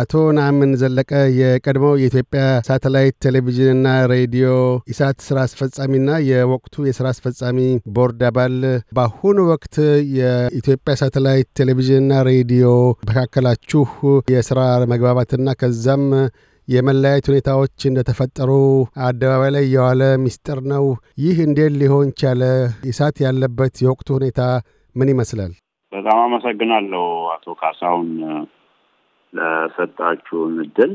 አቶ ነአምን ዘለቀ የቀድሞው የኢትዮጵያ ሳተላይት ቴሌቪዥንና ሬዲዮ ኢሳት ስራ አስፈጻሚና የወቅቱ የስራ አስፈጻሚ ቦርድ አባል፣ በአሁኑ ወቅት የኢትዮጵያ ሳተላይት ቴሌቪዥንና ሬዲዮ መካከላችሁ የስራ መግባባትና ከዛም የመለያየት ሁኔታዎች እንደተፈጠሩ አደባባይ ላይ የዋለ ሚስጥር ነው። ይህ እንዴት ሊሆን ቻለ? ኢሳት ያለበት የወቅቱ ሁኔታ ምን ይመስላል? በጣም አመሰግናለሁ አቶ ካሳሁን። ለሰጣችሁን እድል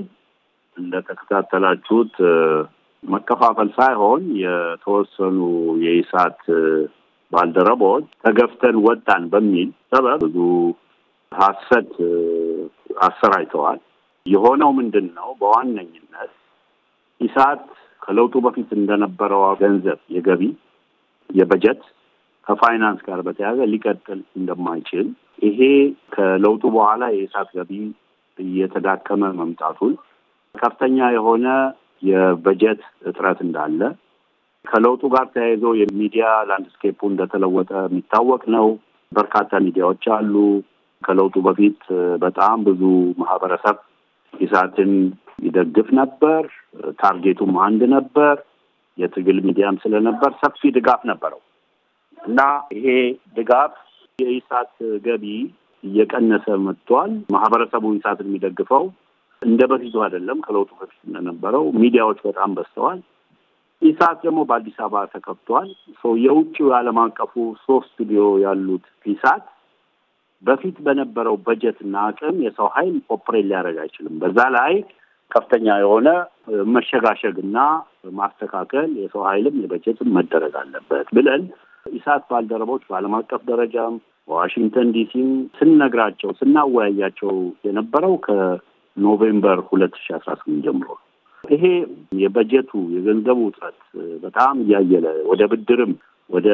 እንደተከታተላችሁት መከፋፈል ሳይሆን የተወሰኑ የኢሳት ባልደረቦች ተገፍተን ወጣን በሚል ሰበብ ብዙ ሀሰት አሰራጭተዋል። የሆነው ምንድን ነው? በዋነኝነት ኢሳት ከለውጡ በፊት እንደነበረው ገንዘብ የገቢ የበጀት ከፋይናንስ ጋር በተያያዘ ሊቀጥል እንደማይችል ይሄ ከለውጡ በኋላ የኢሳት ገቢ እየተዳከመ መምጣቱን፣ ከፍተኛ የሆነ የበጀት እጥረት እንዳለ፣ ከለውጡ ጋር ተያይዞ የሚዲያ ላንድስኬፑ እንደተለወጠ የሚታወቅ ነው። በርካታ ሚዲያዎች አሉ። ከለውጡ በፊት በጣም ብዙ ማህበረሰብ ኢሳትን ይደግፍ ነበር። ታርጌቱም አንድ ነበር። የትግል ሚዲያም ስለነበር ሰፊ ድጋፍ ነበረው እና ይሄ ድጋፍ የኢሳት ገቢ እየቀነሰ መጥቷል። ማህበረሰቡ ኢሳትን የሚደግፈው እንደ በፊቱ አይደለም። ከለውጡ በፊት እንደነበረው ሚዲያዎች በጣም በዝተዋል። ኢሳት ደግሞ በአዲስ አበባ ተከፍቷል። የውጭው የዓለም አቀፉ ሶስት ስቱዲዮ ያሉት ኢሳት በፊት በነበረው በጀትና አቅም የሰው ኃይል ኦፕሬት ሊያደርግ አይችልም። በዛ ላይ ከፍተኛ የሆነ መሸጋሸግና ማስተካከል የሰው ኃይልም የበጀትም መደረግ አለበት ብለን ኢሳት ባልደረቦች በዓለም አቀፍ ደረጃም በዋሽንግተን ዲሲም ስንነግራቸው ስናወያያቸው የነበረው ከኖቬምበር ሁለት ሺ አስራ ስምንት ጀምሮ ይሄ የበጀቱ የገንዘቡ ውጥረት በጣም እያየለ ወደ ብድርም ወደ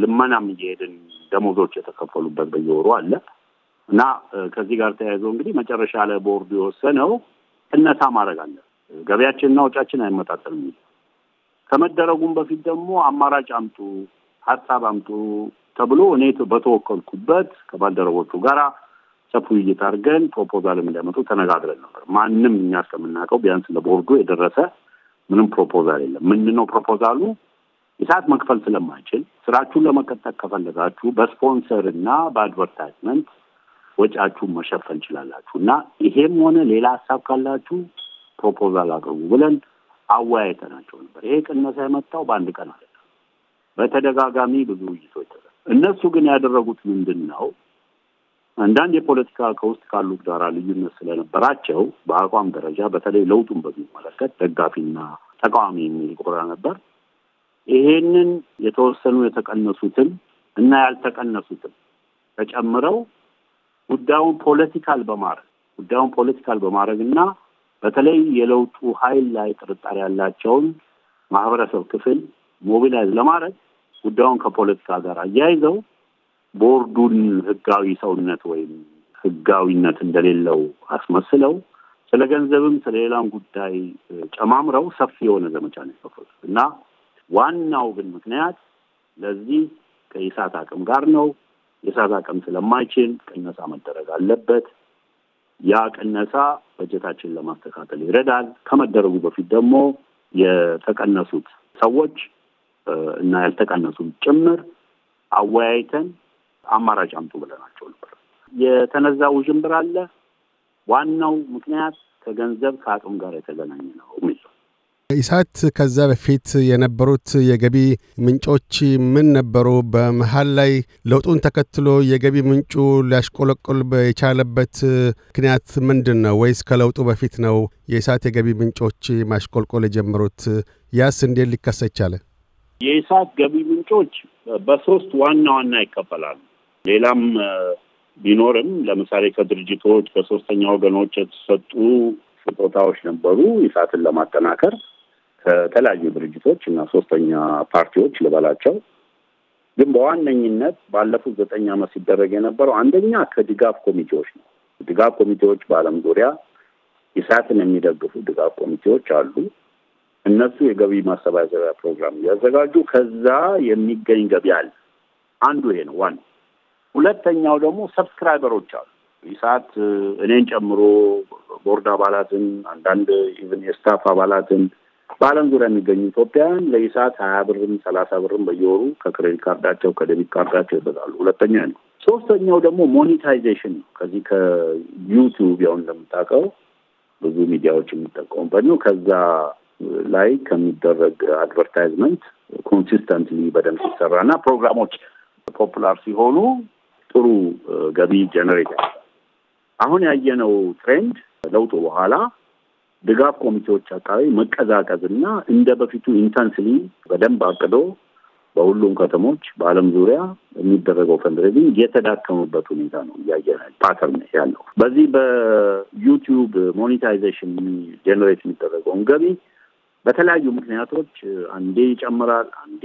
ልመናም እየሄድን ደሞዞች የተከፈሉበት በየወሩ አለ እና ከዚህ ጋር ተያይዞ እንግዲህ መጨረሻ ላይ ቦርዱ የወሰነው ቅነሳ ማድረግ አለ። ገበያችንና ወጫችን አይመጣጠልም ከመደረጉም በፊት ደግሞ አማራጭ አምጡ፣ ሀሳብ አምጡ፣ ተብሎ እኔ በተወከልኩበት ከባልደረቦቹ ጋራ ሰፊ ውይይት አድርገን ፕሮፖዛልም እንዲያመጡ ተነጋግረን ነበር። ማንም እኛ እስከምናውቀው ቢያንስ ለቦርዱ የደረሰ ምንም ፕሮፖዛል የለም። ምንድን ነው ፕሮፖዛሉ? የሰዓት መክፈል ስለማይችል ስራችሁን ለመቀጠል ከፈለጋችሁ በስፖንሰር እና በአድቨርታይዝመንት ወጫችሁን መሸፈን ችላላችሁ እና ይሄም ሆነ ሌላ ሀሳብ ካላችሁ ፕሮፖዛል አቅርቡ ብለን አወያይተናቸው ነበር። ይሄ ቅነሳ የመጣው በአንድ ቀን አለ። በተደጋጋሚ ብዙ ውይይቶች እነሱ ግን ያደረጉት ምንድን ነው? አንዳንድ የፖለቲካ ከውስጥ ካሉ ጋራ ልዩነት ስለነበራቸው በአቋም ደረጃ በተለይ ለውጡን በሚመለከት ደጋፊና ተቃዋሚ የሚል ጎራ ነበር። ይሄንን የተወሰኑ የተቀነሱትን እና ያልተቀነሱትን ተጨምረው ጉዳዩን ፖለቲካል በማድረግ ጉዳዩን ፖለቲካል በማድረግ እና በተለይ የለውጡ ኃይል ላይ ጥርጣሬ ያላቸውን ማህበረሰብ ክፍል ሞቢላይዝ ለማድረግ ጉዳዩን ከፖለቲካ ጋር አያይዘው ቦርዱን ህጋዊ ሰውነት ወይም ህጋዊነት እንደሌለው አስመስለው ስለ ገንዘብም ስለሌላም ጉዳይ ጨማምረው ሰፊ የሆነ ዘመቻ ነው የከፈቱት እና ዋናው ግን ምክንያት ለዚህ ከኢሳት አቅም ጋር ነው። የኢሳት አቅም ስለማይችል ቅነሳ መደረግ አለበት። ያ ቅነሳ በጀታችን ለማስተካከል ይረዳል። ከመደረጉ በፊት ደግሞ የተቀነሱት ሰዎች እና ያልተቀነሱም ጭምር አወያይተን አማራጭ አምጡ ብለናቸው ነበር። የተነዛ ውዥንብር አለ። ዋናው ምክንያት ከገንዘብ ከአቅም ጋር የተገናኘ ነው የሚል ኢሳት ከዛ በፊት የነበሩት የገቢ ምንጮች ምን ነበሩ? በመሀል ላይ ለውጡን ተከትሎ የገቢ ምንጩ ሊያሽቆለቆል የቻለበት ምክንያት ምንድን ነው? ወይስ ከለውጡ በፊት ነው የኢሳት የገቢ ምንጮች ማሽቆልቆል የጀመሩት? ያስ እንዴት ሊከሰት ቻለ? የኢሳት ገቢ ምንጮች በሶስት ዋና ዋና ይከፈላሉ። ሌላም ቢኖርም ለምሳሌ ከድርጅቶች ከሶስተኛ ወገኖች የተሰጡ ስጦታዎች ነበሩ። ኢሳትን ለማጠናከር ከተለያዩ ድርጅቶች እና ሶስተኛ ፓርቲዎች ልበላቸው። ግን በዋነኝነት ባለፉት ዘጠኝ ዓመት ሲደረግ የነበረው አንደኛ ከድጋፍ ኮሚቴዎች ነው። ድጋፍ ኮሚቴዎች በዓለም ዙሪያ ኢሳትን የሚደግፉ ድጋፍ ኮሚቴዎች አሉ። እነሱ የገቢ ማሰባሰቢያ ፕሮግራም እያዘጋጁ ከዛ የሚገኝ ገቢ አለ። አንዱ ይሄ ነው ዋናው። ሁለተኛው ደግሞ ሰብስክራይበሮች አሉ። ኢሳት እኔን ጨምሮ ቦርድ አባላትን አንዳንድ ኢቨን የስታፍ አባላትን በዓለም ዙሪያ የሚገኙ ኢትዮጵያውያን ለኢሳት ሀያ ብርም ሰላሳ ብርም በየወሩ ከክሬዲት ካርዳቸው ከደቢት ካርዳቸው ይበዛሉ። ሁለተኛ ነው። ሶስተኛው ደግሞ ሞኔታይዜሽን ነው። ከዚህ ከዩቲዩብ ያው እንደምታውቀው ብዙ ሚዲያዎች የሚጠቀሙበት ነው። ከዛ ላይ ከሚደረግ አድቨርታይዝመንት ኮንሲስተንትሊ በደንብ ሲሰራ እና ፕሮግራሞች ፖፑላር ሲሆኑ ጥሩ ገቢ ጀነሬት ያደርጋል። አሁን ያየነው ትሬንድ ለውጡ በኋላ ድጋፍ ኮሚቴዎች አካባቢ መቀዛቀዝ እና እንደ በፊቱ ኢንተንስሊ በደንብ አቅዶ በሁሉም ከተሞች በአለም ዙሪያ የሚደረገው ፈንድሬዚንግ የተዳከሙበት ሁኔታ ነው እያየ ፓተርን ያለው በዚህ በዩቲዩብ ሞኔታይዜሽን ጀኔሬት የሚደረገውን ገቢ በተለያዩ ምክንያቶች አንዴ ይጨምራል፣ አንዴ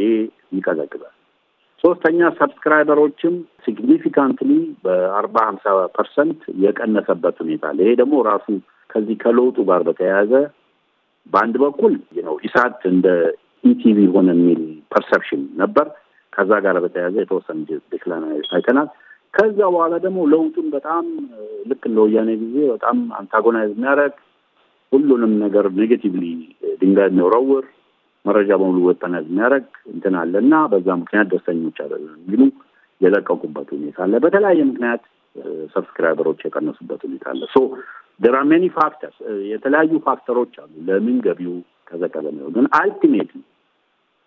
ይቀዘቅዛል። ሶስተኛ ሰብስክራይበሮችም ሲግኒፊካንትሊ በአርባ ሀምሳ ፐርሰንት የቀነሰበት ሁኔታ አለ። ይሄ ደግሞ ራሱ ከዚህ ከለውጡ ጋር በተያያዘ በአንድ በኩል ነው ኢሳት እንደ ኢቲቪ ሆነ የሚል ፐርሰፕሽን ነበር። ከዛ ጋር በተያያዘ የተወሰነ ዲክላና አይተናል። ከዛ በኋላ ደግሞ ለውጡን በጣም ልክ እንደ ወያኔ ጊዜ በጣም አንታጎናይዝ የሚያደርግ ሁሉንም ነገር ኔጌቲቭሊ ድንጋይ የሚወረውር መረጃ በሙሉ ወጠነት የሚያደረግ እንትን አለ እና በዛ ምክንያት ደስተኞች አይደለም የሚሉ የለቀቁበት ሁኔታ አለ። በተለያየ ምክንያት ሰብስክራይበሮች የቀነሱበት ሁኔታ አለ። ሶ ደራ ሜኒ ፋክተርስ የተለያዩ ፋክተሮች አሉ። ለምን ገቢው ከዘቀዘ ነው? ግን አልቲሜትሊ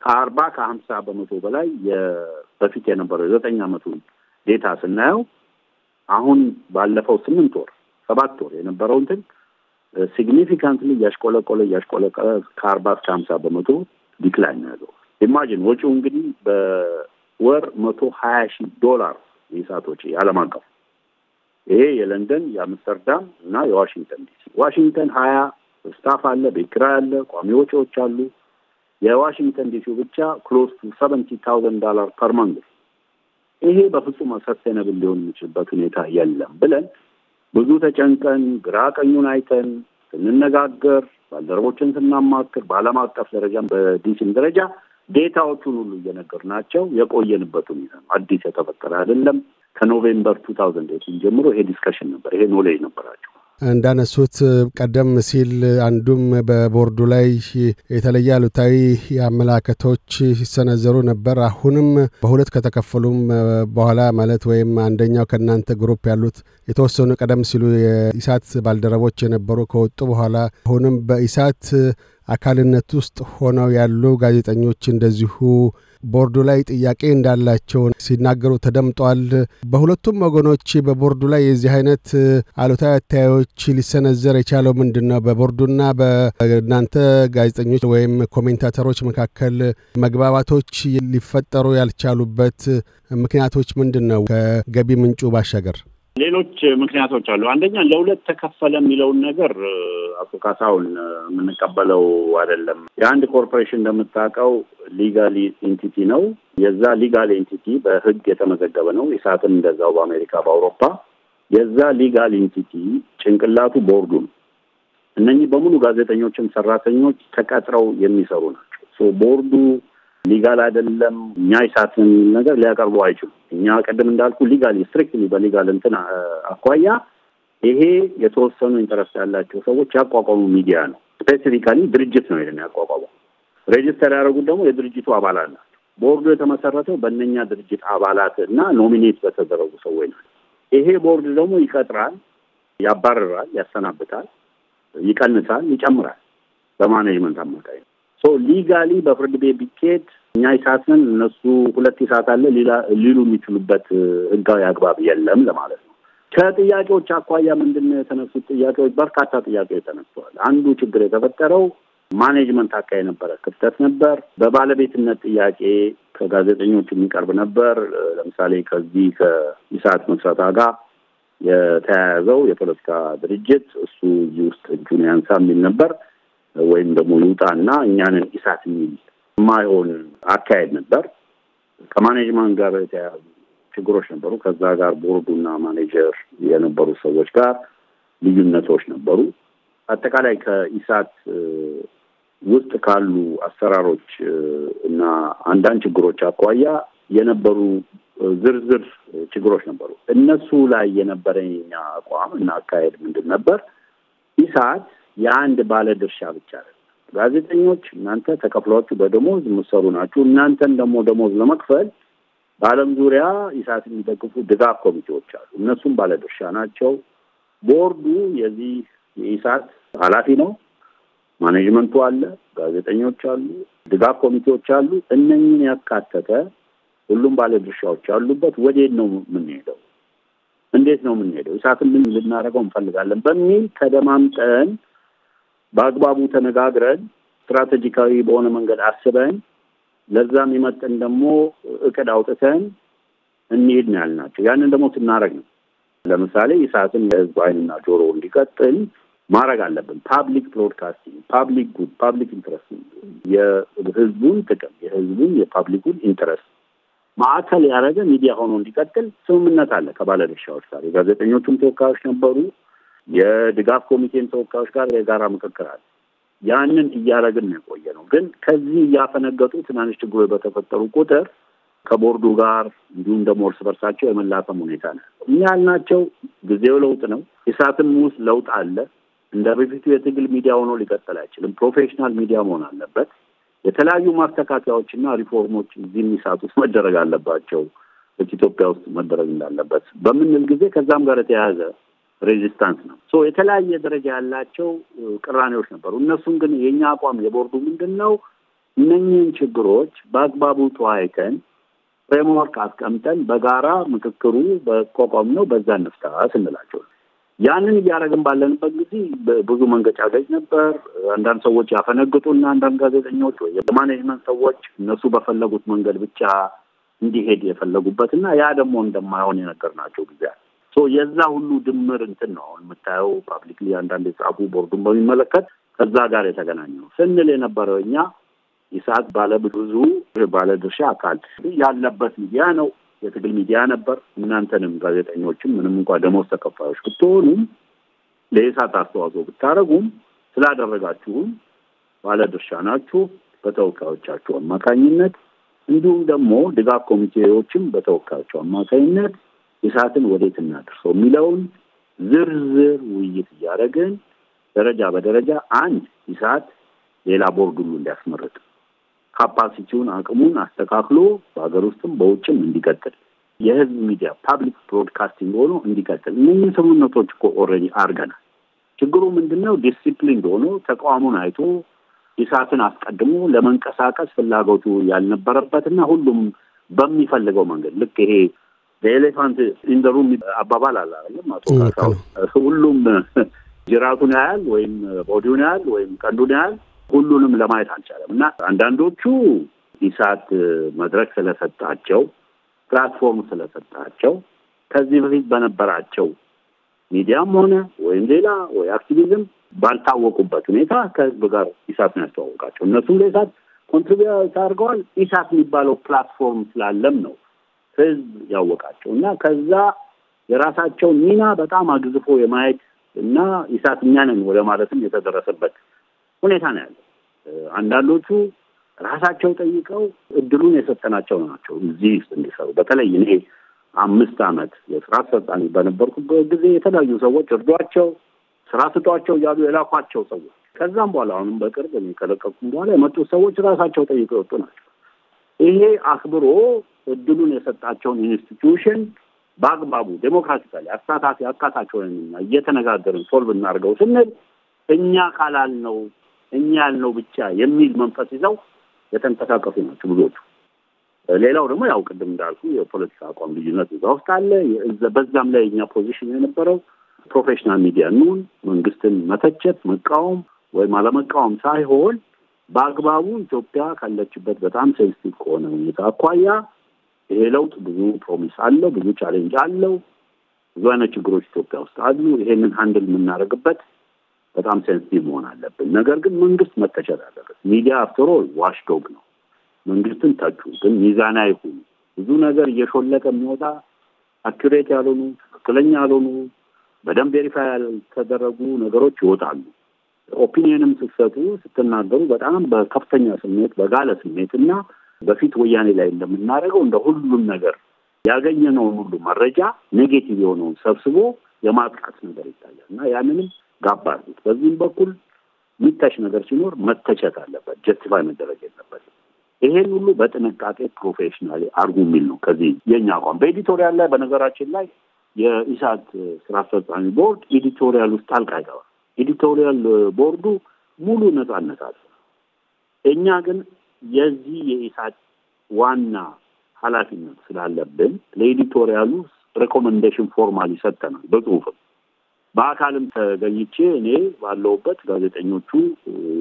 ከአርባ ከሀምሳ በመቶ በላይ በፊት የነበረው የዘጠኝ አመቱን ዴታ ስናየው አሁን ባለፈው ስምንት ወር ሰባት ወር የነበረው እንትን ሲግኒፊካንትሊ እያሽቆለቆለ እያሽቆለቀለ ከአርባ እስከ ሀምሳ በመቶ ዲክላይን ያለው ኢማጂን ወጪው እንግዲህ በወር መቶ ሀያ ሺህ ዶላር የሰዓት ወጪ ዓለም አቀፍ ይሄ የለንደን የአምስተርዳም እና የዋሽንግተን ዲሲ ዋሽንግተን ሀያ ስታፍ አለ፣ ቤት ኪራይ አለ፣ ቋሚ ወጪዎች አሉ። የዋሽንግተን ዲሲው ብቻ ክሎዝ ቱ ሰቨንቲ ታውዘንድ ዶላር ፐር ማንግ። ይሄ በፍጹም ሰስቴነብል ሊሆን የሚችልበት ሁኔታ የለም ብለን ብዙ ተጨንቀን ግራ ቀኙን አይተን ስንነጋገር፣ ባልደረቦችን ስናማክር፣ በዓለም አቀፍ ደረጃ በዲሲም ደረጃ ዴታዎቹን ሁሉ እየነገርናቸው የቆየንበት ሁኔታ ነው። አዲስ የተፈጠረ አይደለም። ከኖቬምበር ቱ ታውዘንድ ኤይቲን ጀምሮ ይሄ ዲስከሽን ነበር፣ ይሄ ኖሌጅ ነበራቸው። እንዳነሱት ቀደም ሲል አንዱም በቦርዱ ላይ የተለየ አሉታዊ አመላከቶች ሲሰነዘሩ ነበር። አሁንም በሁለት ከተከፈሉም በኋላ ማለት ወይም አንደኛው ከእናንተ ግሩፕ ያሉት የተወሰኑ ቀደም ሲሉ የኢሳት ባልደረቦች የነበሩ ከወጡ በኋላ አሁንም በኢሳት አካልነት ውስጥ ሆነው ያሉ ጋዜጠኞች እንደዚሁ ቦርዱ ላይ ጥያቄ እንዳላቸው ሲናገሩ ተደምጧል። በሁለቱም ወገኖች በቦርዱ ላይ የዚህ አይነት አሉታዊ አታዮች ሊሰነዘር የቻለው ምንድን ነው? በቦርዱና በእናንተ ጋዜጠኞች ወይም ኮሜንታተሮች መካከል መግባባቶች ሊፈጠሩ ያልቻሉበት ምክንያቶች ምንድን ነው? ከገቢ ምንጩ ባሻገር ሌሎች ምክንያቶች አሉ። አንደኛ ለሁለት ተከፈለ የሚለውን ነገር አቶ ካሳሁን የምንቀበለው አይደለም። የአንድ ኮርፖሬሽን እንደምታውቀው ሊጋል ኢንቲቲ ነው። የዛ ሊጋል ኢንቲቲ በህግ የተመዘገበ ነው። ኢሳትም እንደዛው በአሜሪካ በአውሮፓ የዛ ሊጋል ኢንቲቲ ጭንቅላቱ ቦርዱ ነው። እነኚህ በሙሉ ጋዜጠኞችም ሰራተኞች ተቀጥረው የሚሰሩ ናቸው። ቦርዱ ሊጋል አይደለም እኛ የሳትን ነገር ሊያቀርቡ አይችሉም። እኛ ቅድም እንዳልኩ ሊጋል ስትሪክትሊ በሊጋል እንትን አኳያ ይሄ የተወሰኑ ኢንተረስት ያላቸው ሰዎች ያቋቋሙ ሚዲያ ነው። ስፔሲፊካሊ ድርጅት ነው ይሄን ያቋቋመው። ሬጅስተር ያደረጉት ደግሞ የድርጅቱ አባላት ናቸው። ቦርዱ የተመሰረተው በእነኛ ድርጅት አባላት እና ኖሚኔት በተደረጉ ሰዎች ነው። ይሄ ቦርድ ደግሞ ይቀጥራል፣ ያባርራል፣ ያሰናብታል፣ ይቀንሳል፣ ይጨምራል በማኔጅመንት አማካኝ ሰው ሊጋሊ በፍርድ ቤት ቢኬድ እኛ ይሳትን እነሱ ሁለት ይሳት አለ ሊሉ የሚችሉበት ህጋዊ አግባብ የለም ለማለት ነው። ከጥያቄዎች አኳያ ምንድን የተነሱ የተነሱት ጥያቄዎች? በርካታ ጥያቄዎች ተነስተዋል። አንዱ ችግር የተፈጠረው ማኔጅመንት አካ የነበረ ክፍተት ነበር። በባለቤትነት ጥያቄ ከጋዜጠኞች የሚቀርብ ነበር። ለምሳሌ ከዚህ ከኢሳት መስረታ ጋር የተያያዘው የፖለቲካ ድርጅት እሱ እዚህ ውስጥ እጁን ያንሳ የሚል ነበር። ወይም ደግሞ እና እኛንን ኢሳት የሚል የማይሆን አካሄድ ነበር። ከማኔጅመንት ጋር የተያያዙ ችግሮች ነበሩ። ከዛ ጋር ቦርዱና ማኔጀር የነበሩ ሰዎች ጋር ልዩነቶች ነበሩ። አጠቃላይ ከኢሳት ውስጥ ካሉ አሰራሮች እና አንዳንድ ችግሮች አኳያ የነበሩ ዝርዝር ችግሮች ነበሩ። እነሱ ላይ የነበረኛ አቋም እና አካሄድ ምንድን ነበር? ኢሳት የአንድ ባለድርሻ ብቻ አይደለም። ጋዜጠኞች እናንተ ተከፍሏችሁ በደሞዝ የምትሰሩ ናችሁ። እናንተን ደግሞ ደሞዝ ለመክፈል በዓለም ዙሪያ ኢሳት የሚደግፉ ድጋፍ ኮሚቴዎች አሉ። እነሱም ባለ ድርሻ ናቸው። ቦርዱ የዚህ የኢሳት ኃላፊ ነው። ማኔጅመንቱ አለ፣ ጋዜጠኞች አሉ፣ ድጋፍ ኮሚቴዎች አሉ። እነኝን ያካተተ ሁሉም ባለድርሻዎች አሉበት። ወዴት ነው የምንሄደው? እንዴት ነው የምንሄደው? ኢሳትን ምን ልናደርገው እንፈልጋለን? በሚል ተደማምጠን በአግባቡ ተነጋግረን ስትራቴጂካዊ በሆነ መንገድ አስበን ለዛ የሚመጥን ደግሞ እቅድ አውጥተን እንሄድ ነው ያልናቸው። ያንን ደግሞ ስናረግ ነው ለምሳሌ የሰዓትን የህዝብ አይንና ጆሮ እንዲቀጥል ማድረግ አለብን። ፓብሊክ ብሮድካስቲንግ፣ ፓብሊክ ጉድ፣ ፓብሊክ ኢንትረስት፣ የህዝቡን ጥቅም የህዝቡን የፓብሊኩን ኢንትረስት ማዕከል ያደረገ ሚዲያ ሆኖ እንዲቀጥል ስምምነት አለ ከባለድርሻዎች ጋር። የጋዜጠኞቹም ተወካዮች ነበሩ፣ የድጋፍ ኮሚቴን ተወካዮች ጋር የጋራ ምክክር አለ። ያንን እያደረግን ነው የቆየ ነው። ግን ከዚህ እያፈነገጡ ትናንሽ ችግሮች በተፈጠሩ ቁጥር ከቦርዱ ጋር እንዲሁም ደግሞ እርስ በርሳቸው የመላፈም ሁኔታ ነ እኛ ያልናቸው ጊዜው ለውጥ ነው። ኢሳትም ውስጥ ለውጥ አለ። እንደ በፊቱ የትግል ሚዲያ ሆኖ ሊቀጥል አይችልም። ፕሮፌሽናል ሚዲያ መሆን አለበት። የተለያዩ ማስተካከያዎችና ሪፎርሞች እዚህ የሚሳት ውስጥ መደረግ አለባቸው። ኢትዮጵያ ውስጥ መደረግ እንዳለበት በምንል ጊዜ ከዛም ጋር የተያያዘ ሬዚስታንስ ነው። ሶ የተለያየ ደረጃ ያላቸው ቅራኔዎች ነበሩ። እነሱም ግን የእኛ አቋም የቦርዱ ምንድን ነው እነኝህን ችግሮች በአግባቡ ተወያይተን ፍሬምወርክ አስቀምጠን በጋራ ምክክሩ በቋቋም ነው በዛ እንፍታ ስንላቸው ያንን እያደረግን ባለንበት ጊዜ ብዙ መንገጫ መንገጫገጭ ነበር። አንዳንድ ሰዎች ያፈነግጡና አንዳንድ ጋዜጠኞች ወይ የማኔጅመንት ሰዎች እነሱ በፈለጉት መንገድ ብቻ እንዲሄድ የፈለጉበት እና ያ ደግሞ እንደማይሆን የነገርናቸው ጊዜ አለ። የዛ ሁሉ ድምር እንትን ነው አሁን የምታየው ፓብሊክ አንዳንድ የጻፉ ቦርዱን በሚመለከት ከዛ ጋር የተገናኘ ነው ስንል የነበረው እኛ ኢሳት ባለ ብዙ ባለ ድርሻ አካል ያለበት ሚዲያ ነው። የትግል ሚዲያ ነበር። እናንተንም ጋዜጠኞችም ምንም እንኳ ደሞዝ ተከፋዮች ብትሆኑም ለኢሳት አስተዋጽኦ ብታደረጉም ስላደረጋችሁም ባለ ድርሻ ናችሁ በተወካዮቻችሁ አማካኝነት እንዲሁም ደግሞ ድጋፍ ኮሚቴዎችም በተወካዮቹ አማካኝነት እሳትን ወዴት እናድርሰው የሚለውን ዝርዝር ውይይት እያደረግን ደረጃ በደረጃ አንድ እሳት ሌላ ቦርድ ሁሉ እንዲያስመርጥ ካፓሲቲውን አቅሙን አስተካክሎ በሀገር ውስጥም በውጭም እንዲቀጥል የህዝብ ሚዲያ ፓብሊክ ብሮድካስቲንግ ሆኖ እንዲቀጥል እነኝህ ስምምነቶች እኮ ኦልሬዲ አድርገናል። ችግሩ ምንድን ነው? ዲሲፕሊን ሆኖ ተቋሙን አይቶ እሳትን አስቀድሞ ለመንቀሳቀስ ፍላጎቱ ያልነበረበትና ሁሉም በሚፈልገው መንገድ ልክ ይሄ በኤሌፋንት ኢንደሩም አባባል አለ አይደለም አቶ ካሳው። ሁሉም ጅራቱን ያህል ወይም ቦዲውን ያህል ወይም ቀንዱን ያህል ሁሉንም ለማየት አልቻለም እና አንዳንዶቹ ኢሳት መድረክ ስለሰጣቸው ፕላትፎርም ስለሰጣቸው ከዚህ በፊት በነበራቸው ሚዲያም ሆነ ወይም ሌላ ወይ አክቲቪዝም ባልታወቁበት ሁኔታ ከህዝብ ጋር ኢሳት ነው ያስተዋወቃቸው። እነሱም ለኢሳት ኮንትሪቢ አድርገዋል። ኢሳት የሚባለው ፕላትፎርም ስላለም ነው ህዝብ ያወቃቸው እና ከዛ የራሳቸውን ሚና በጣም አግዝፎ የማየት እና ኢሳት እኛ ነን ወደ ማለትም የተደረሰበት ሁኔታ ነው ያለው። አንዳንዶቹ ራሳቸው ጠይቀው እድሉን የሰጠናቸው ናቸው እዚህ እንዲሰሩ። በተለይ እኔ አምስት አመት የስራ አስፈጻሚ በነበርኩበት ጊዜ የተለያዩ ሰዎች እርዷቸው፣ ስራ ስጧቸው እያሉ የላኳቸው ሰዎች ከዛም በኋላ አሁንም በቅርብ ከለቀቁም በኋላ የመጡት ሰዎች ራሳቸው ጠይቀው የወጡ ናቸው። ይሄ አክብሮ እድሉን የሰጣቸውን ኢንስቲትዩሽን በአግባቡ ዴሞክራቲካሊ አሳታፊ አካታቸውንና እየተነጋገርን ሶልቭ እናድርገው ስንል እኛ ካላልነው እኛ ያልነው ብቻ የሚል መንፈስ ይዘው የተንቀሳቀሱ ናቸው ብዙዎቹ። ሌላው ደግሞ ያው ቅድም እንዳልኩ የፖለቲካ አቋም ልዩነት እዛ ውስጥ አለ። በዛም ላይ የኛ ፖዚሽን የነበረው ፕሮፌሽናል ሚዲያ እንሁን፣ መንግስትን መተቸት መቃወም ወይም አለመቃወም ሳይሆን በአግባቡ ኢትዮጵያ ካለችበት በጣም ሴንስቲቭ ከሆነ ሁኔታ አኳያ ይሄ ለውጥ ብዙ ፕሮሚስ አለው፣ ብዙ ቻሌንጅ አለው። ብዙ አይነት ችግሮች ኢትዮጵያ ውስጥ አሉ። ይሄንን ሀንድል የምናደርግበት በጣም ሴንሲቲቭ መሆን አለብን። ነገር ግን መንግስት መተቸት አለበት። ሚዲያ አፍትሮ ዋሽዶግ ነው። መንግስትን ተቹ፣ ግን ሚዛና ይሁኑ። ብዙ ነገር እየሾለቀ የሚወጣ አኪሬት ያልሆኑ ትክክለኛ ያልሆኑ በደንብ ቬሪፋይ ያልተደረጉ ነገሮች ይወጣሉ። ኦፒኒየንም ስትሰጡ ስትናገሩ በጣም በከፍተኛ ስሜት በጋለ ስሜት እና በፊት ወያኔ ላይ እንደምናደርገው እንደ ሁሉም ነገር ያገኘነውን ሁሉ መረጃ ኔጌቲቭ የሆነውን ሰብስቦ የማጥቃት ነገር ይታያል እና ያንንም ጋባ አድርጉት። በዚህም በኩል የሚታሽ ነገር ሲኖር መተቸት አለበት፣ ጀስቲፋይ መደረግ የለበት። ይሄን ሁሉ በጥንቃቄ ፕሮፌሽናሊ አድርጉ የሚል ነው። ከዚህ የኛ አቋም በኤዲቶሪያል ላይ በነገራችን ላይ የኢሳት ስራ አስፈጻሚ ቦርድ ኤዲቶሪያል ውስጥ ጣልቃ ይገባል። ኤዲቶሪያል ቦርዱ ሙሉ ነጻነት አለ። እኛ ግን የዚህ የኢሳት ዋና ኃላፊነት ስላለብን ለኤዲቶሪያሉ ሬኮመንዴሽን ፎርማል ይሰጠናል። በጽሁፍም በአካልም ተገኝቼ እኔ ባለውበት ጋዜጠኞቹ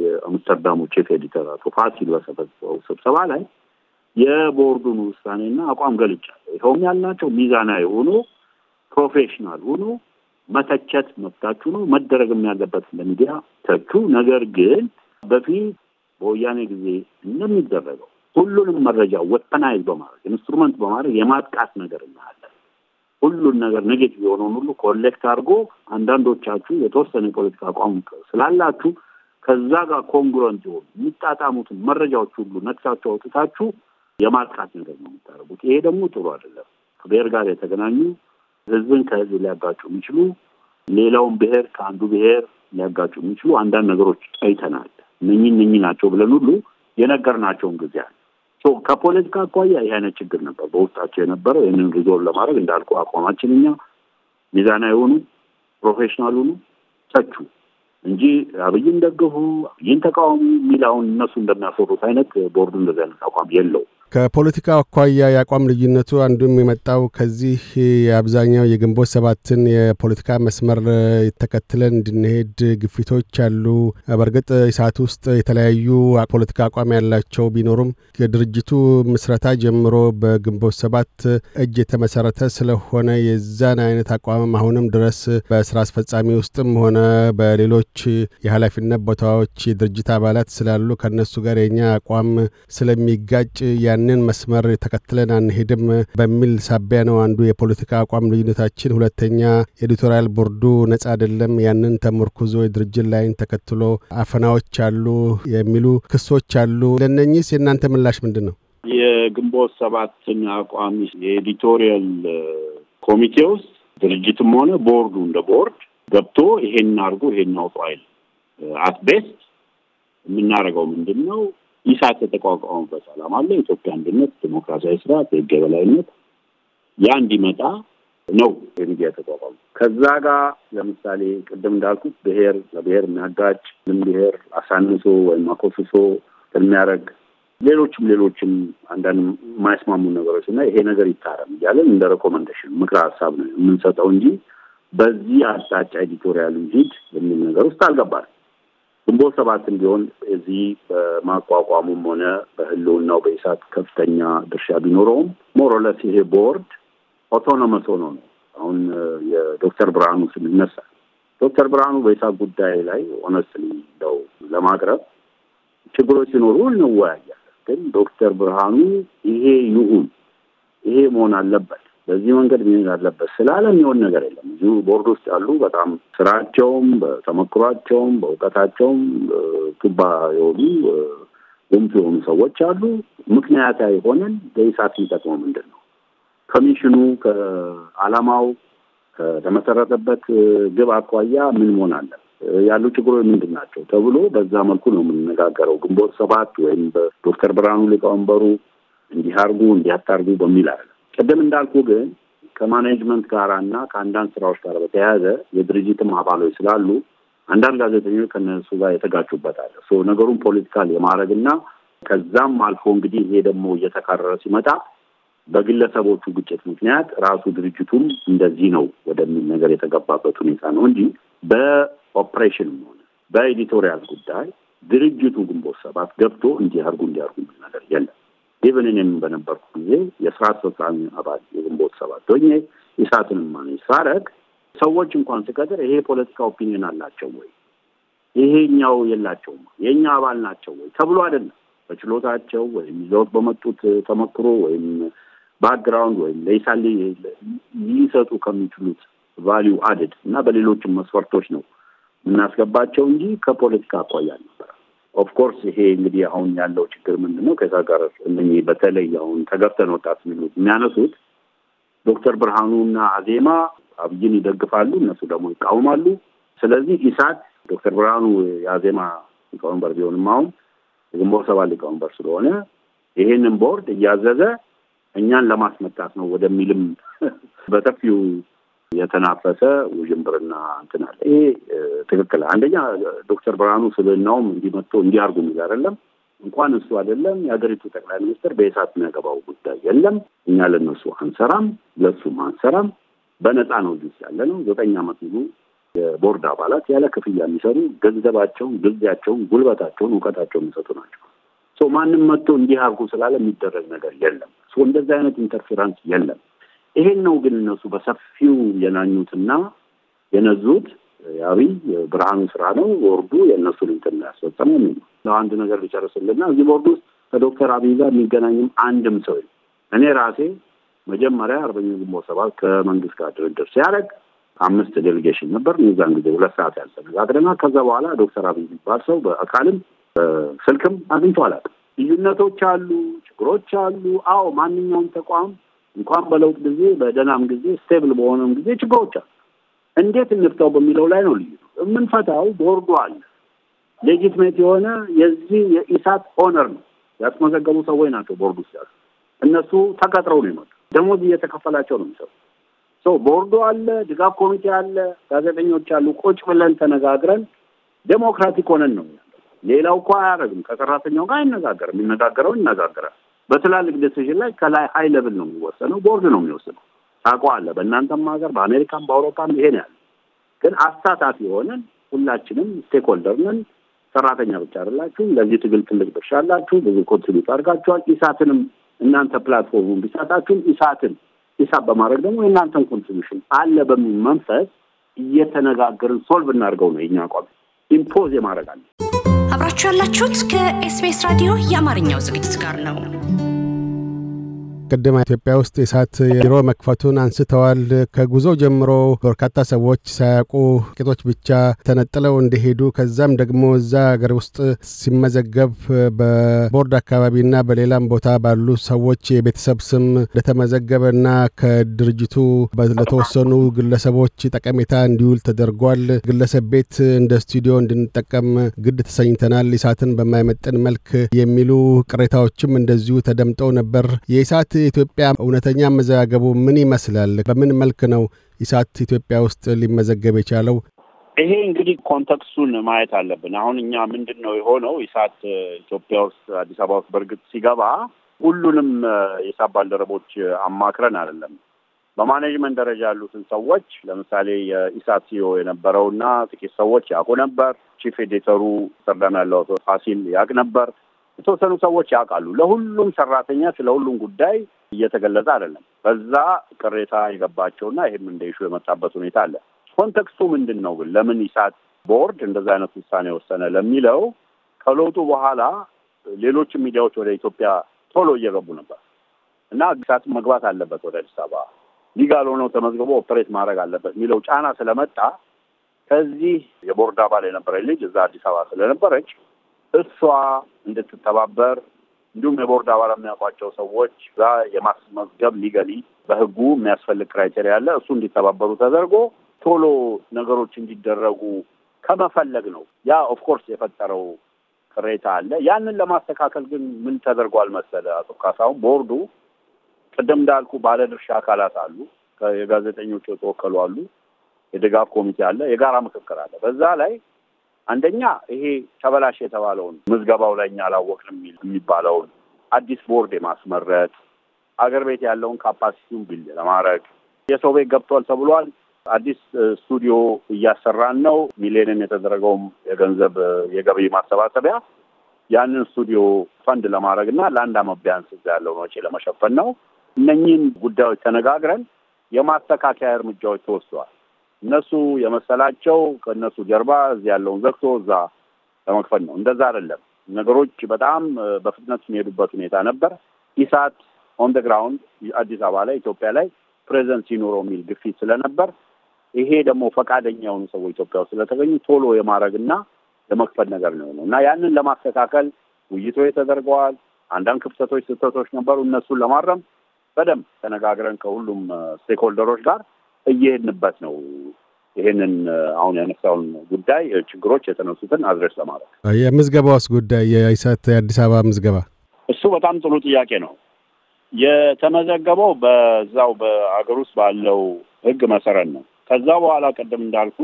የአምስተርዳሙ ቼፍ ኤዲተር አቶ ፋሲል በሰበሰበው ስብሰባ ላይ የቦርዱን ውሳኔና አቋም ገልጫለሁ። ይኸውም ያልናቸው ሚዛናዊ ሆኖ ፕሮፌሽናል ሆኖ መተቸት መብታችሁ ነው፣ መደረግም ያለበት ለሚዲያ ተቹ። ነገር ግን በፊት በወያኔ ጊዜ እንደሚደረገው ሁሉንም መረጃ ወተናይዝ በማድረግ ኢንስትሩመንት በማድረግ የማጥቃት ነገር እናያለን። ሁሉን ነገር ኔጌቲቭ የሆነውን ሁሉ ኮሌክት አድርጎ አንዳንዶቻችሁ የተወሰነ የፖለቲካ አቋም ስላላችሁ ከዛ ጋር ኮንግሮንት የሆኑ የሚጣጣሙትን መረጃዎች ሁሉ ነቅሳችሁ አውጥታችሁ የማጥቃት ነገር ነው የምታደርጉት። ይሄ ደግሞ ጥሩ አይደለም። ከብሔር ጋር የተገናኙ ህዝብን ከህዝብ ሊያጋጩ የሚችሉ ሌላውን ብሔር ከአንዱ ብሔር ሊያጋጩ የሚችሉ አንዳንድ ነገሮች አይተናል። እነኚህ እነኚህ ናቸው ብለን ሁሉ የነገርናቸውን ጊዜ አለ። ከፖለቲካ አኳያ ይህ አይነት ችግር ነበር በውስጣቸው የነበረው። ይህንን ሪዞልቭ ለማድረግ እንዳልኩ አቋማችን እኛ ሚዛና የሆኑ ፕሮፌሽናል ሆኑ ሰቹ እንጂ አብይን ደግፉ፣ አብይን ተቃወሙ የሚል አሁን እነሱ እንደሚያሰሩት አይነት ቦርዱ እንደዚህ አይነት አቋም የለውም። ከፖለቲካ አኳያ የአቋም ልዩነቱ አንዱም የመጣው ከዚህ የአብዛኛው የግንቦት ሰባትን የፖለቲካ መስመር ተከትለን እንድንሄድ ግፊቶች አሉ። በእርግጥ ሰዓት ውስጥ የተለያዩ ፖለቲካ አቋም ያላቸው ቢኖሩም ከድርጅቱ ምስረታ ጀምሮ በግንቦት ሰባት እጅ የተመሰረተ ስለሆነ የዛን አይነት አቋምም አሁንም ድረስ በስራ አስፈጻሚ ውስጥም ሆነ በሌሎች የኃላፊነት ቦታዎች የድርጅት አባላት ስላሉ ከእነሱ ጋር የኛ አቋም ስለሚጋጭ ያ ያንን መስመር ተከትለን አንሄድም በሚል ሳቢያ ነው። አንዱ የፖለቲካ አቋም ልዩነታችን፣ ሁለተኛ ኤዲቶሪያል ቦርዱ ነጻ አይደለም፣ ያንን ተመርኩዞ የድርጅት ላይን ተከትሎ አፈናዎች አሉ የሚሉ ክሶች አሉ። ለነኚህስ የእናንተ ምላሽ ምንድን ነው? የግንቦት ሰባትን አቋም የኤዲቶሪያል ኮሚቴ ውስጥ ድርጅትም ሆነ ቦርዱ እንደ ቦርድ ገብቶ ይሄን አድርጎ ይሄን አውጡ አይል አትቤስት የምናደርገው ምንድን ነው? ኢሳት የተቋቋመበት ዓላማ አለ። ኢትዮጵያ አንድነት፣ ዲሞክራሲያዊ ስርዓት፣ የህግ የበላይነት ያ እንዲመጣ ነው የሚዲያ ተቋቋሙ። ከዛ ጋር ለምሳሌ ቅድም እንዳልኩት ብሔር ለብሔር የሚያጋጭ ምን ብሔር አሳንሶ ወይም አኮፍሶ የሚያደርግ ሌሎችም ሌሎችም አንዳንድ የማይስማሙ ነገሮች እና ይሄ ነገር ይታረም እያለን እንደ ሬኮመንዴሽን ምክረ ሀሳብ ነው የምንሰጠው እንጂ በዚህ አቅጣጫ ኤዲቶሪያል ሂድ የሚል ነገር ውስጥ አልገባል። ግንቦት ሰባትም ቢሆን እዚህ በማቋቋሙም ሆነ በህልውናው በኢሳት ከፍተኛ ድርሻ ቢኖረውም ሞሮለስ ይሄ ቦርድ ኦቶኖመስ ሆኖ ነው። አሁን የዶክተር ብርሃኑ ስም ይነሳል። ዶክተር ብርሃኑ በኢሳት ጉዳይ ላይ ኦነስ እንደው ለማቅረብ ችግሮች ሲኖሩ እንወያያለን። ግን ዶክተር ብርሃኑ ይሄ ይሁን ይሄ መሆን አለበት በዚህ መንገድ ሚሆን አለበት ስላለ የሚሆን ነገር የለም። እዚሁ ቦርድ ውስጥ ያሉ በጣም ስራቸውም በተሞክሯቸውም በእውቀታቸውም ቱባ የሆኑ ጉምት የሆኑ ሰዎች አሉ። ምክንያታዊ የሆነን በይሳት የሚጠቅመው ምንድን ነው? ከሚሽኑ ከአላማው ከተመሰረተበት ግብ አኳያ ምን መሆን አለ ያሉ ችግሮች ምንድን ናቸው ተብሎ በዛ መልኩ ነው የምንነጋገረው። ግንቦት ሰባት ወይም በዶክተር ብርሃኑ ሊቀመንበሩ እንዲህ አርጉ እንዲህ አታርጉ በሚል አለ ቅድም እንዳልኩ ግን ከማኔጅመንት ጋር እና ከአንዳንድ ስራዎች ጋር በተያያዘ የድርጅትም አባሎች ስላሉ አንዳንድ ጋዜጠኞች ከነሱ ጋር የተጋጩበታል። ነገሩን ፖለቲካል የማድረግ እና ከዛም አልፎ እንግዲህ ይሄ ደግሞ እየተካረረ ሲመጣ በግለሰቦቹ ግጭት ምክንያት ራሱ ድርጅቱም እንደዚህ ነው ወደሚል ነገር የተገባበት ሁኔታ ነው እንጂ በኦፕሬሽንም ሆነ በኤዲቶሪያል ጉዳይ ድርጅቱ ግንቦት ሰባት ገብቶ እንዲያርጉ እንዲያርጉ የሚል ነገር የለም። ኢቨን እኔም በነበርኩ ጊዜ የስራ አስፈጻሚ አባል የግንቦት ሰባት ሆኜ ኢሳትን ማኔጅ ሳረግ ሰዎች እንኳን ስቀጥር ይሄ የፖለቲካ ኦፒኒዮን አላቸው ወይ ይሄኛው የላቸውም የእኛ አባል ናቸው ወይ ተብሎ አይደለም በችሎታቸው ወይም ይዘውት በመጡት ተመክሮ ወይም ባክግራውንድ ወይም ለይሳሌ ሊሰጡ ከሚችሉት ቫሊዩ አድድ እና በሌሎችም መስፈርቶች ነው የምናስገባቸው እንጂ ከፖለቲካ አኳያ ነው። ኦፍኮርስ ይሄ እንግዲህ አሁን ያለው ችግር ምንድን ነው? ከዛ ጋር በተለይ አሁን ተገፍተን ወጣት የሚሉት የሚያነሱት ዶክተር ብርሃኑና አዜማ አብይን ይደግፋሉ፣ እነሱ ደግሞ ይቃወማሉ። ስለዚህ ኢሳት ዶክተር ብርሃኑ የአዜማ ሊቀመንበር ቢሆንም አሁን የግንቦት ሰባት ሊቀመንበር ስለሆነ ይሄንን ቦርድ እያዘዘ እኛን ለማስመጣት ነው ወደሚልም በሰፊው የተናፈሰ ውዥንብርና እንትን አለ። ይሄ ትክክል አንደኛ ዶክተር ብርሃኑ ስብናውም እንዲመጡ እንዲያርጉ የሚል አይደለም። እንኳን እሱ አይደለም የሀገሪቱ ጠቅላይ ሚኒስትር በእሳት የሚያገባው ጉዳይ የለም። እኛ ለነሱ አንሰራም፣ ለሱም አንሰራም። በነፃ ነው ጁስ ያለ ነው። ዘጠኝ ዓመት ሙሉ የቦርድ አባላት ያለ ክፍያ የሚሰሩ ገንዘባቸውን፣ ጊዜያቸውን፣ ጉልበታቸውን፣ እውቀታቸውን የሚሰጡ ናቸው። ማንም መጥቶ እንዲህ አርጉ ስላለ የሚደረግ ነገር የለም። እንደዚህ አይነት ኢንተርፌራንስ የለም። ይሄን ነው ግን እነሱ በሰፊው የናኙትና የነዙት። አብይ ብርሃኑ ስራ ነው ቦርዱ የእነሱን እንትን ያስፈጸመው የሚል ነው። አንድ ነገር ሊጨርስልና እዚህ ቦርድ ውስጥ ከዶክተር አብይ ጋር የሚገናኝም አንድም ሰው እኔ ራሴ መጀመሪያ አርበኛ ግንቦት ሰባት ከመንግስት ጋር ድርድር ሲያደርግ አምስት ዴሊጌሽን ነበር። እዛን ጊዜ ሁለት ሰዓት ያልተነጋግረና ከዛ በኋላ ዶክተር አብይ የሚባል ሰው በአካልም ስልክም አግኝቶ አላውቅም። ልዩነቶች አሉ፣ ችግሮች አሉ። አዎ ማንኛውም ተቋም እንኳን በለውጥ ጊዜ በደህናም ጊዜ ስቴብል በሆነም ጊዜ ችግሮች አሉ። እንዴት እንፍታው በሚለው ላይ ነው ልዩ የምንፈታው። ቦርዱ አለ ሌጂትሜት የሆነ የዚህ የኢሳት ኦነር ነው ያስመዘገቡ ሰዎች ናቸው ቦርዱ ውስጥ ያሉ። እነሱ ተቀጥረው ነው የመጡ ደሞዝ እየተከፈላቸው ነው የሚሰሩ ሰው ቦርዱ አለ፣ ድጋፍ ኮሚቴ አለ፣ ጋዜጠኞች አሉ። ቁጭ ብለን ተነጋግረን ዴሞክራቲክ ሆነን ነው ሌላው እኮ አያደርግም። ከሰራተኛው ጋር አይነጋገርም። የሚነጋገረው ይነጋገራል። በትላልቅ ዲሲዥን ላይ ከላይ ሀይ ለብል ነው የሚወሰነው፣ ቦርድ ነው የሚወስነው። ታውቀዋለህ። በእናንተም ሀገር በአሜሪካም በአውሮፓም ይሄን ያለ ግን አሳታፊ የሆነን ሁላችንም ስቴክሆልደር ነን። ሰራተኛ ብቻ አይደላችሁም። ለዚህ ትግል ትልቅ ድርሻ አላችሁ። ብዙ ኮንትሪቢዩት አድርጋችኋል። ኢሳትንም እናንተ ፕላትፎርሙን ቢሳታችሁም ኢሳትን ኢሳት በማድረግ ደግሞ የእናንተን ኮንትሪቢሽን አለ በሚል መንፈስ እየተነጋገርን ሶልቭ እናድርገው ነው የኛ አቋም። ኢምፖዝ የማድረግ አለ እያደመጣችሁ ያላችሁት ከኤስቢኤስ ራዲዮ የአማርኛው ዝግጅት ጋር ነው። ቅድም ኢትዮጵያ ውስጥ የእሳት ቢሮ መክፈቱን አንስተዋል። ከጉዞ ጀምሮ በርካታ ሰዎች ሳያውቁ ጥቂቶች ብቻ ተነጥለው እንደሄዱ ከዛም ደግሞ እዛ ሀገር ውስጥ ሲመዘገብ በቦርድ አካባቢና በሌላም ቦታ ባሉ ሰዎች የቤተሰብ ስም እንደተመዘገበና ከድርጅቱ ለተወሰኑ ግለሰቦች ጠቀሜታ እንዲውል ተደርጓል። ግለሰብ ቤት እንደ ስቱዲዮ እንድንጠቀም ግድ ተሰኝተናል፣ እሳትን በማይመጥን መልክ የሚሉ ቅሬታዎችም እንደዚሁ ተደምጠው ነበር። የእሳት የኢትዮጵያ እውነተኛ መዘጋገቡ ምን ይመስላል? በምን መልክ ነው ኢሳት ኢትዮጵያ ውስጥ ሊመዘገብ የቻለው? ይሄ እንግዲህ ኮንቴክስቱን ማየት አለብን። አሁን እኛ ምንድን ነው የሆነው? ኢሳት ኢትዮጵያ ውስጥ አዲስ አበባ ውስጥ በእርግጥ ሲገባ ሁሉንም የሂሳብ ባልደረቦች አማክረን አይደለም። በማኔጅመንት ደረጃ ያሉትን ሰዎች ለምሳሌ የኢሳት ሲዮ የነበረውና ጥቂት ሰዎች ያውቁ ነበር። ቺፍ ኤዲተሩ ስርዳም ያለው ፋሲል ያውቅ ነበር። የተወሰኑ ሰዎች ያውቃሉ። ለሁሉም ሰራተኛ ስለ ሁሉም ጉዳይ እየተገለጸ አይደለም። በዛ ቅሬታ የገባቸውና ይህም እንደ ኢሹ የመጣበት ሁኔታ አለ። ኮንቴክስቱ ምንድን ነው ግን ለምን ይሳት ቦርድ እንደዛ አይነት ውሳኔ ወሰነ ለሚለው ከለውጡ በኋላ ሌሎችም ሚዲያዎች ወደ ኢትዮጵያ ቶሎ እየገቡ ነበር እና ኢሳት መግባት አለበት ወደ አዲስ አበባ ሊጋል ሆነው ተመዝግቦ ኦፕሬት ማድረግ አለበት የሚለው ጫና ስለመጣ ከዚህ የቦርድ አባል የነበረች ልጅ እዛ አዲስ አበባ ስለነበረች እሷ እንድትተባበር እንዲሁም የቦርድ አባል የሚያውቋቸው ሰዎች እዛ የማስመዝገብ ሊገሊ በህጉ የሚያስፈልግ ክራይቴሪያ አለ። እሱ እንዲተባበሩ ተደርጎ ቶሎ ነገሮች እንዲደረጉ ከመፈለግ ነው። ያ ኦፍኮርስ የፈጠረው ቅሬታ አለ። ያንን ለማስተካከል ግን ምን ተደርጓል መሰለ አቶ ካሳሁን፣ ቦርዱ ቅድም እንዳልኩ ባለድርሻ አካላት አሉ። የጋዜጠኞች የተወከሉ አሉ። የድጋፍ ኮሚቴ አለ። የጋራ ምክክር አለ። በዛ ላይ አንደኛ ይሄ ተበላሽ የተባለውን ምዝገባው ላይ እኛ አላወቅንም የሚባለውን አዲስ ቦርድ የማስመረት አገር ቤት ያለውን ካፓሲቲውን ቢል ለማድረግ የሰው ቤት ገብቷል ተብሏል። አዲስ ስቱዲዮ እያሰራን ነው። ሚሊየንን የተደረገውም የገንዘብ የገቢ ማሰባሰቢያ ያንን ስቱዲዮ ፈንድ ለማድረግ እና ለአንድ አመት ቢያንስ እዛ ያለውን ወጪ ለመሸፈን ነው። እነኚህን ጉዳዮች ተነጋግረን የማስተካከያ እርምጃዎች ተወስደዋል። እነሱ የመሰላቸው ከእነሱ ጀርባ እዚህ ያለውን ዘግቶ እዛ ለመክፈል ነው። እንደዛ አይደለም። ነገሮች በጣም በፍጥነት የሚሄዱበት ሁኔታ ነበር። ኢሳት ኦን ደ ግራውንድ አዲስ አበባ ላይ ኢትዮጵያ ላይ ፕሬዘንስ ይኖረው የሚል ግፊት ስለነበር ይሄ ደግሞ ፈቃደኛ የሆኑ ሰዎች ኢትዮጵያ ውስጥ ስለተገኙ ቶሎ የማድረግና የመክፈል ነገር ነው እና ያንን ለማስተካከል ውይይቶች ተደርገዋል። አንዳንድ ክፍተቶች፣ ስህተቶች ነበሩ። እነሱን ለማረም በደንብ ተነጋግረን ከሁሉም ስቴክሆልደሮች ጋር እየሄድንበት ነው ይህንን አሁን ያነሳውን ጉዳይ ችግሮች የተነሱትን አድረስ ለማድረግ የምዝገባውስ ጉዳይ የኢሳት የአዲስ አበባ ምዝገባ እሱ በጣም ጥሩ ጥያቄ ነው። የተመዘገበው በዛው በአገር ውስጥ ባለው ህግ መሰረት ነው። ከዛ በኋላ ቅድም እንዳልኩ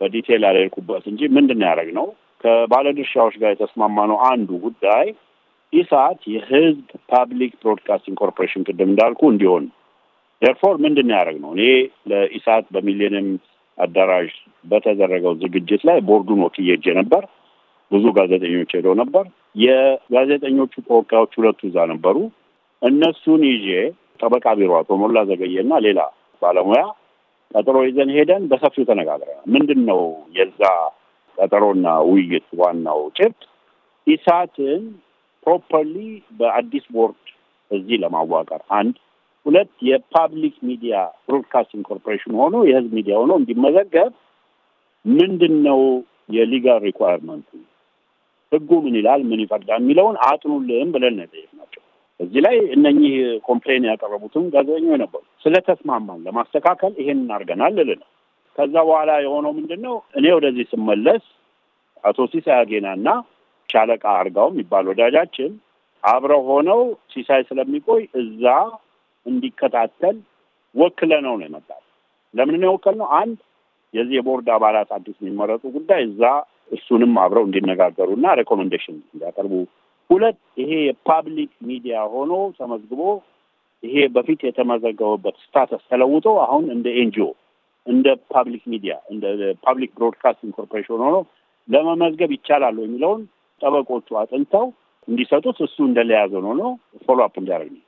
በዲቴል አልሄድኩበት እንጂ ምንድን ነው ያደረግነው ከባለድርሻዎች ጋር የተስማማነው አንዱ ጉዳይ ኢሳት የህዝብ ፓብሊክ ብሮድካስቲንግ ኮርፖሬሽን ቅድም እንዳልኩ እንዲሆን ዴርፎር ምንድን ነው ያደረግነው እኔ ለኢሳት በሚሊኒየም አዳራሽ በተደረገው ዝግጅት ላይ ቦርዱን ወክዬ ነበር። ብዙ ጋዜጠኞች ሄደው ነበር። የጋዜጠኞቹ ተወካዮች ሁለቱ እዛ ነበሩ። እነሱን ይዤ ጠበቃ ቢሮ አቶ ሞላ ዘገየና ሌላ ባለሙያ ቀጠሮ ይዘን ሄደን በሰፊው ተነጋግረናል። ምንድን ነው የዛ ቀጠሮና ውይይት ዋናው ጭብጥ ኢሳትን ፕሮፐርሊ በአዲስ ቦርድ እዚህ ለማዋቀር አንድ ሁለት የፓብሊክ ሚዲያ ብሮድካስቲንግ ኮርፖሬሽን ሆኖ የህዝብ ሚዲያ ሆኖ እንዲመዘገብ ምንድን ነው የሊጋል ሪኳርመንቱ ህጉ ምን ይላል ምን ይፈቅዳል የሚለውን አጥኑልህም ብለን ነው የጠየቅናቸው እዚህ ላይ እነኚህ ኮምፕሌን ያቀረቡትም ጋዜጠኞች ነበሩ ስለተስማማን ለማስተካከል ይሄን እናርገናል ልል ነው ከዛ በኋላ የሆነው ምንድን ነው እኔ ወደዚህ ስመለስ አቶ ሲሳይ አጌና እና ሻለቃ አርጋው የሚባል ወዳጃችን አብረው ሆነው ሲሳይ ስለሚቆይ እዛ እንዲከታተል ወክለ ነው ነው የመጣው። ለምን ነው የወከል ነው? አንድ የዚህ የቦርድ አባላት አዲስ የሚመረጡ ጉዳይ እዛ እሱንም አብረው እንዲነጋገሩ እና ሬኮመንዴሽን እንዲያቀርቡ፣ ሁለት ይሄ የፓብሊክ ሚዲያ ሆኖ ተመዝግቦ ይሄ በፊት የተመዘገበበት ስታተስ ተለውጦ አሁን እንደ ኤንጂኦ እንደ ፓብሊክ ሚዲያ እንደ ፓብሊክ ብሮድካስቲንግ ኮርፖሬሽን ሆኖ ለመመዝገብ ይቻላሉ የሚለውን ጠበቆቹ አጥንተው እንዲሰጡት እሱ እንደለያዘ ነው ነው ፎሎ አፕ እንዲያደርግ ነው።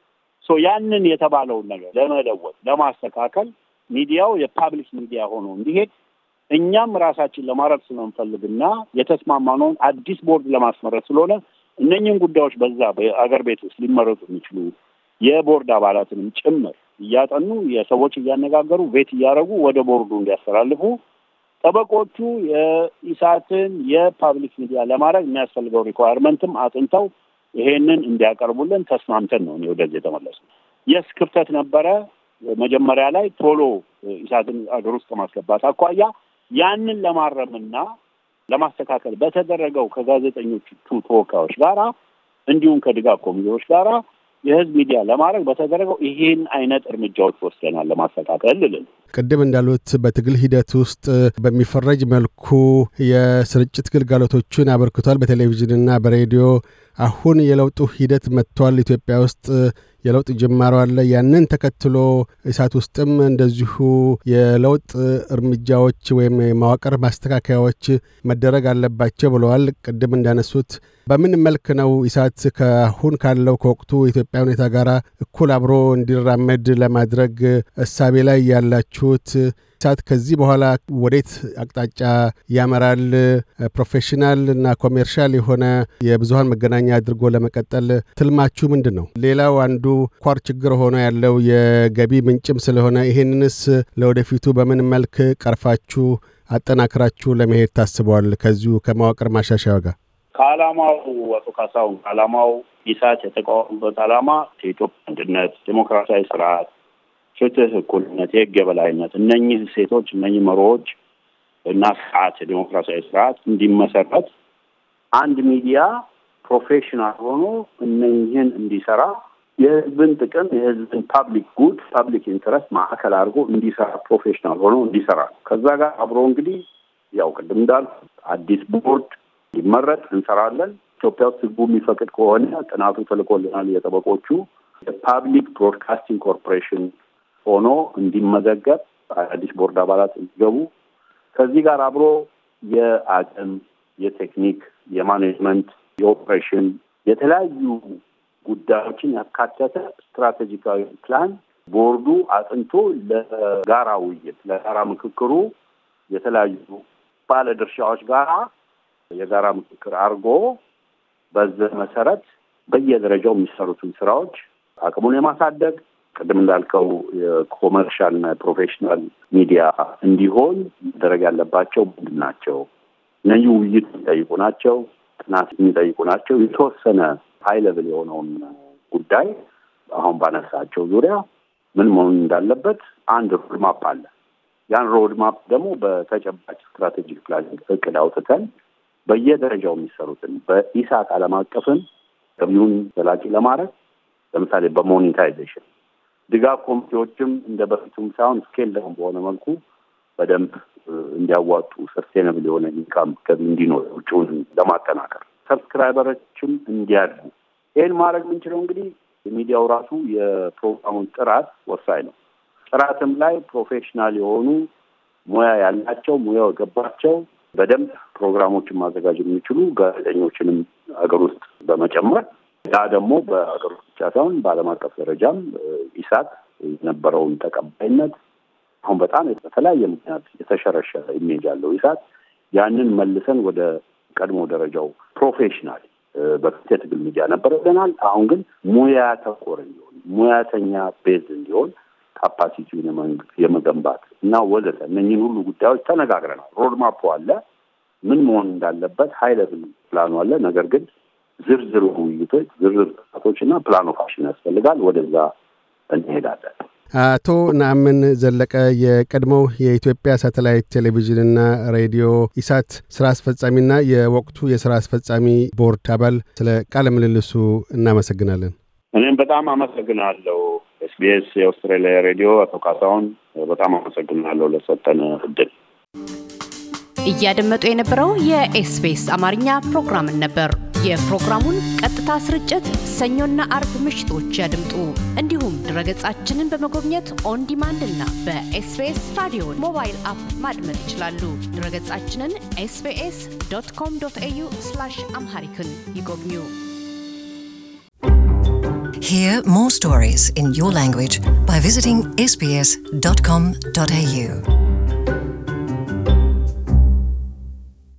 ሶ ያንን የተባለውን ነገር ለመለወጥ ለማስተካከል ሚዲያው የፓብሊክ ሚዲያ ሆኖ እንዲሄድ እኛም ራሳችን ለማድረግ ስለምንፈልግና የተስማማነውን አዲስ ቦርድ ለማስመረጥ ስለሆነ እነኝህን ጉዳዮች በዛ በአገር ቤት ውስጥ ሊመረጡ የሚችሉ የቦርድ አባላትንም ጭምር እያጠኑ የሰዎች እያነጋገሩ ቤት እያደረጉ ወደ ቦርዱ እንዲያስተላልፉ ጠበቆቹ የኢሳትን የፓብሊክ ሚዲያ ለማድረግ የሚያስፈልገው ሪኳየርመንትም አጥንተው ይሄንን እንዲያቀርቡልን ተስማምተን ነው እኔ ወደዚህ የተመለሱ የስ ክፍተት ነበረ መጀመሪያ ላይ ቶሎ ኢሳትን አገር ውስጥ ከማስገባት አኳያ ያንን ለማረምና ለማስተካከል በተደረገው ከጋዜጠኞቹ ተወካዮች ጋራ እንዲሁም ከድጋፍ ኮሚቴዎች ጋራ የህዝብ ሚዲያ ለማድረግ በተደረገው ይሄን አይነት እርምጃዎች ወስደናል ለማስተካከል ልልል ቅድም እንዳሉት በትግል ሂደት ውስጥ በሚፈረጅ መልኩ የስርጭት ግልጋሎቶችን አበርክቷል፣ በቴሌቪዥንና በሬዲዮ። አሁን የለውጡ ሂደት መጥቷል። ኢትዮጵያ ውስጥ የለውጥ ጅማሮ አለ። ያንን ተከትሎ እሳት ውስጥም እንደዚሁ የለውጥ እርምጃዎች ወይም የማዋቀር ማስተካከያዎች መደረግ አለባቸው ብለዋል። ቅድም እንዳነሱት በምን መልክ ነው እሳት ከአሁን ካለው ከወቅቱ የኢትዮጵያ ሁኔታ ጋር እኩል አብሮ እንዲራመድ ለማድረግ እሳቤ ላይ ያላችሁ? ያያችሁት ሳት ከዚህ በኋላ ወዴት አቅጣጫ ያመራል? ፕሮፌሽናል እና ኮሜርሻል የሆነ የብዙሀን መገናኛ አድርጎ ለመቀጠል ትልማችሁ ምንድን ነው? ሌላው አንዱ ኳር ችግር ሆኖ ያለው የገቢ ምንጭም ስለሆነ ይህንንስ ለወደፊቱ በምን መልክ ቀርፋችሁ አጠናክራችሁ ለመሄድ ታስበዋል? ከዚሁ ከመዋቅር ማሻሻያ ጋር ከአላማው አቶ ካሳሁን ከዓላማው ኢሳት የተቃወሙበት አላማ ከኢትዮጵያ አንድነት፣ ዴሞክራሲያዊ ስርዓት ፍትህ፣ እኩልነት፣ የህግ የበላይነት እነኚህ ሴቶች እነኚህ መሮዎች እና ስርዓት ዴሞክራሲያዊ ስርዓት እንዲመሰረት አንድ ሚዲያ ፕሮፌሽናል ሆኖ እነኝህን እንዲሰራ የህዝብን ጥቅም የህዝብን ፓብሊክ ጉድ ፓብሊክ ኢንትረስት ማዕከል አድርጎ እንዲሰራ ፕሮፌሽናል ሆኖ እንዲሰራ ነው። ከዛ ጋር አብሮ እንግዲህ ያው ቅድም እንዳልኩ አዲስ ቦርድ እንዲመረጥ እንሰራለን። ኢትዮጵያ ውስጥ ህዝቡ የሚፈቅድ ከሆነ ጥናቱ ተልኮልናል። የጠበቆቹ የፓብሊክ ብሮድካስቲንግ ኮርፖሬሽን ሆኖ እንዲመዘገብ አዳዲስ ቦርድ አባላት እንዲገቡ ከዚህ ጋር አብሮ የአቅም፣ የቴክኒክ፣ የማኔጅመንት፣ የኦፕሬሽን የተለያዩ ጉዳዮችን ያካተተ ስትራቴጂካዊ ፕላን ቦርዱ አጥንቶ ለጋራ ውይይት ለጋራ ምክክሩ የተለያዩ ባለድርሻዎች ጋራ የጋራ ምክክር አድርጎ በዚህ መሰረት በየደረጃው የሚሰሩትን ስራዎች አቅሙን የማሳደግ ቅድም እንዳልከው የኮመርሻል ፕሮፌሽናል ሚዲያ እንዲሆን መደረግ ያለባቸው ምንድን ናቸው? እነዚህ ውይይት የሚጠይቁ ናቸው፣ ጥናት የሚጠይቁ ናቸው። የተወሰነ ሀይ ሌቭል የሆነውን ጉዳይ አሁን ባነሳቸው ዙሪያ ምን መሆን እንዳለበት አንድ ሮድማፕ አለ። ያን ሮድማፕ ደግሞ በተጨባጭ ስትራቴጂክ ፕላኒንግ እቅድ አውጥተን በየደረጃው የሚሰሩትን በኢሳት ዓለም አቀፍን ገቢውን ዘላቂ ለማድረግ ለምሳሌ በሞኔታይዜሽን ድጋፍ ኮሚቴዎችም እንደ በፊቱም ሳይሆን ስኬል በሆነ መልኩ በደንብ እንዲያዋጡ ሰስቴነብል የሆነ ኢንካም እንዲኖር ውጭውን ለማጠናከር ሰብስክራይበሮችም እንዲያድጉ ይህን ማድረግ የምንችለው እንግዲህ የሚዲያው ራሱ የፕሮግራሙን ጥራት ወሳኝ ነው። ጥራትም ላይ ፕሮፌሽናል የሆኑ ሙያ ያላቸው ሙያው የገባቸው በደንብ ፕሮግራሞችን ማዘጋጀት የሚችሉ ጋዜጠኞችንም ሀገር ውስጥ በመጨመር ያ ደግሞ በአገር ብቻ ሳይሆን በዓለም አቀፍ ደረጃም ኢሳት የነበረውን ተቀባይነት አሁን በጣም በተለያየ ምክንያት የተሸረሸረ ኢሜጅ ያለው ኢሳት ያንን መልሰን ወደ ቀድሞ ደረጃው ፕሮፌሽናል በፊት የትግል ሚዲያ ነበር ብለናል። አሁን ግን ሙያ ተኮር እንዲሆን ሙያተኛ ቤዝ እንዲሆን ካፓሲቲውን የመገንባት እና ወዘተ እነኝን ሁሉ ጉዳዮች ተነጋግረናል። ሮድማፖ አለ፣ ምን መሆን እንዳለበት ሀይ ለብል ፕላኑ አለ። ነገር ግን ዝርዝር ውይይቶች፣ ዝርዝር ጥቃቶች እና ፕላን ኦፍ አክሽን ያስፈልጋል። ወደዛ እንሄዳለን። አቶ ናምን ዘለቀ የቀድሞው የኢትዮጵያ ሳተላይት ቴሌቪዥንና ሬዲዮ ኢሳት ስራ አስፈጻሚና የወቅቱ የስራ አስፈጻሚ ቦርድ አባል፣ ስለ ቃለ ምልልሱ እናመሰግናለን። እኔም በጣም አመሰግናለሁ። ኤስቢኤስ የአውስትራሊያ ሬዲዮ አቶ ካሳሁን በጣም አመሰግናለሁ ለሰጠን እድል። እያደመጡ የነበረው የኤስቢኤስ አማርኛ ፕሮግራምን ነበር። የፕሮግራሙን ቀጥታ ስርጭት ሰኞና አርብ ምሽቶች ያድምጡ። እንዲሁም ድረገጻችንን በመጎብኘት ኦን ዲማንድ እና በኤስቢኤስ ራዲዮ ሞባይል አፕ ማድመጥ ይችላሉ። ድረገጻችንን ኤስቢኤስ ዶት ኮም ዶት ኤዩ አምሃሪክን ይጎብኙ። Hear more stories in your language by visiting sbs.com.au.